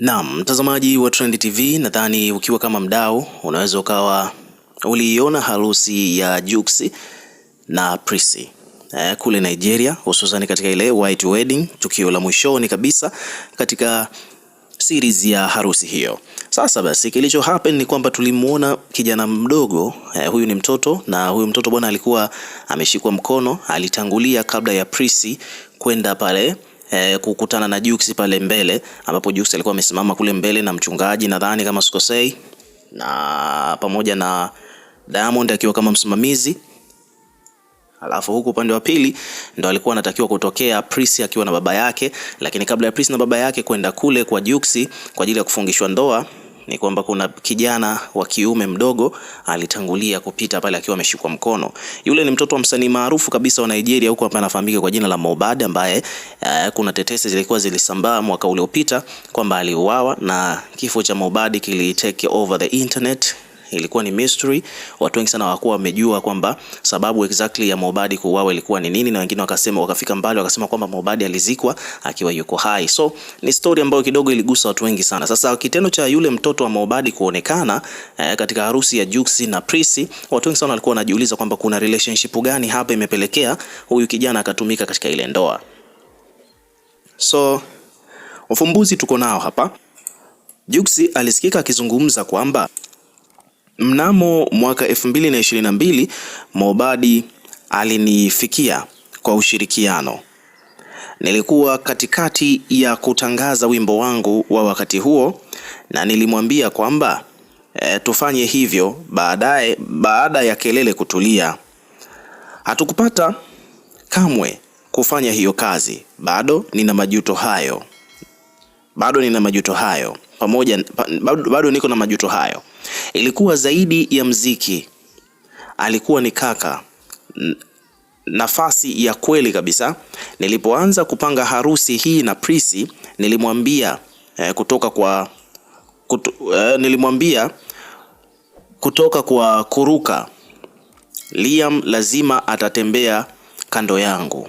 Naam, mtazamaji wa Trend TV, nadhani ukiwa kama mdau unaweza ukawa uliiona harusi ya Jux na Prissy eh, kule Nigeria, hususan katika ile white wedding, tukio la mwishoni kabisa katika series ya harusi hiyo. Sasa basi kilicho happen ni kwamba tulimuona kijana mdogo eh, huyu ni mtoto na huyu mtoto bwana alikuwa ameshikwa mkono, alitangulia kabla ya Prissy kwenda pale eh, kukutana na Jux pale mbele, ambapo Jux alikuwa amesimama kule mbele na mchungaji nadhani kama sikosei, na pamoja na Diamond akiwa kama msimamizi. Alafu huku upande wa pili ndo alikuwa anatakiwa kutokea Pris akiwa na baba yake, lakini kabla ya Pris na baba yake kwenda kule kwa Jux kwa ajili ya kufungishwa ndoa ni kwamba kuna kijana wa kiume mdogo alitangulia kupita pale akiwa ameshikwa mkono. Yule ni mtoto wa msanii maarufu kabisa wa Nigeria huko, hapa anafahamika kwa jina la mobad ambaye uh, kuna tetesi zilikuwa zilisambaa mwaka uliopita kwamba aliuawa, na kifo cha mobad kilitake over the internet ilikuwa ni mystery. Watu wengi sana hawakuwa wamejua kwamba sababu exactly ya Mobadi kuuawa ilikuwa ni nini, na wengine wakasema, wakafika mbali wakasema kwamba Mobadi alizikwa akiwa yuko hai. So ni story ambayo kidogo iligusa watu wengi sana. Sasa kitendo cha yule mtoto wa Mobadi kuonekana eh, katika harusi ya Juksi na Prisi, watu wengi sana walikuwa wanajiuliza kwamba kuna relationship gani hapa imepelekea huyu kijana akatumika katika ile ndoa. So ufumbuzi tuko nao hapa. Juksi alisikika akizungumza kwamba Mnamo mwaka 2022 Mobadi alinifikia kwa ushirikiano. Nilikuwa katikati ya kutangaza wimbo wangu wa wakati huo na nilimwambia kwamba e, tufanye hivyo baadaye, baada ya kelele kutulia. Hatukupata kamwe kufanya hiyo kazi. Bado nina majuto hayo, bado nina majuto hayo pamoja bado niko na majuto hayo. Ilikuwa zaidi ya mziki, alikuwa ni kaka, nafasi ya kweli kabisa. Nilipoanza kupanga harusi hii na Prisi, nilimwambia eh, kutoka kwa kutu, eh, nilimwambia kutoka kwa kuruka, Liam lazima atatembea kando yangu,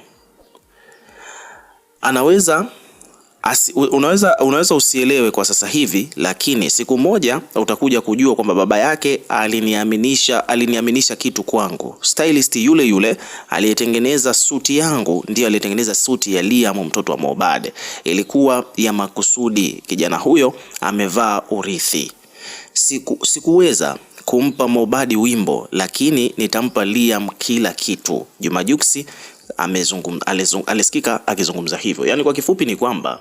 anaweza Asi, unaweza, unaweza usielewe kwa sasa hivi, lakini siku moja utakuja kujua kwamba baba yake aliniaminisha, aliniaminisha kitu kwangu. Stylist yule yule aliyetengeneza suti yangu ndiyo aliyetengeneza suti ya Liam mtoto wa Mohbad, ilikuwa ya makusudi. Kijana huyo amevaa urithi. Siku, sikuweza kumpa Mohbad wimbo, lakini nitampa Liam kila kitu. Juma Jux alesikika akizungumza hivyo, yaani kwa kifupi ni kwamba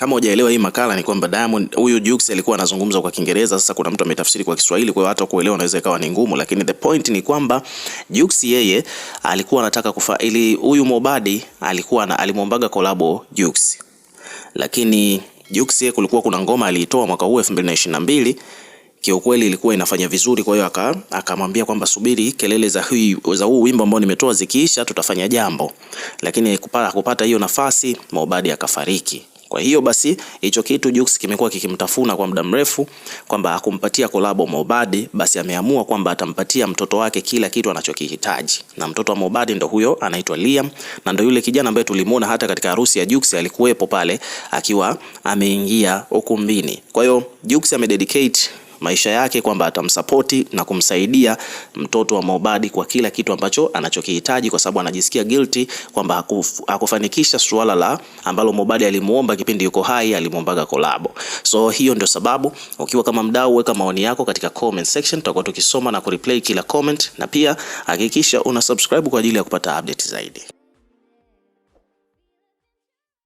kama hujaelewa hii makala ni kwamba Diamond huyu Jux alikuwa anazungumza kwa Kiingereza, sasa kuna mtu ametafsiri kwa Kiswahili, kwa hiyo hata kuelewa inaweza ikawa ni ngumu, lakini the point ni kwamba Jux yeye alikuwa anataka kufa ili huyu Mobadi alikuwa na alimwombaga kolabo Jux, lakini Jux yeye kulikuwa kuna ngoma aliitoa mwaka huu 2022 kiukweli ilikuwa inafanya vizuri, kwa hiyo aka akamwambia kwamba subiri kelele za hui, za huu wimbo ambao nimetoa zikiisha tutafanya jambo, lakini kupata, kupata hiyo nafasi Mobadi akafariki. Kwa hiyo basi hicho kitu Jux kimekuwa kikimtafuna kwa muda mrefu kwamba akumpatia kolabo Mobadi, basi ameamua kwamba atampatia mtoto wake kila kitu anachokihitaji. Na mtoto wa Mobadi ndo huyo anaitwa Liam na ndo yule kijana ambaye tulimuona hata katika harusi ya Jux alikuwepo pale akiwa ameingia ukumbini. Kwa hiyo Jux amededicate maisha yake kwamba atamsapoti na kumsaidia mtoto wa mobadi kwa kila kitu ambacho anachokihitaji, kwa sababu anajisikia guilty kwamba hakuf, hakufanikisha suala la ambalo mobadi alimuomba kipindi yuko hai, alimuombaga kolabo. So hiyo ndio sababu. Ukiwa kama mdau, weka maoni yako katika comment section, tutakuwa tukisoma na kureplay kila comment, na pia hakikisha una subscribe kwa ajili ya kupata update zaidi.